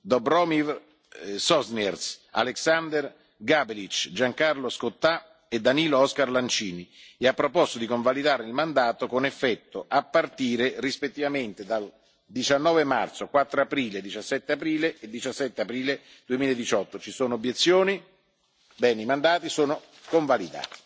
dobromir eh, sosniers alexander gabelic giancarlo scottà e danilo oskar lancini e ha proposto di convalidare il mandato con effetto a partire rispettivamente dal diciannove marzo quattro aprile diciassette aprile e diciassette aprile. duemiladiciotto ci sono obiezioni? i mandati sono convalidati.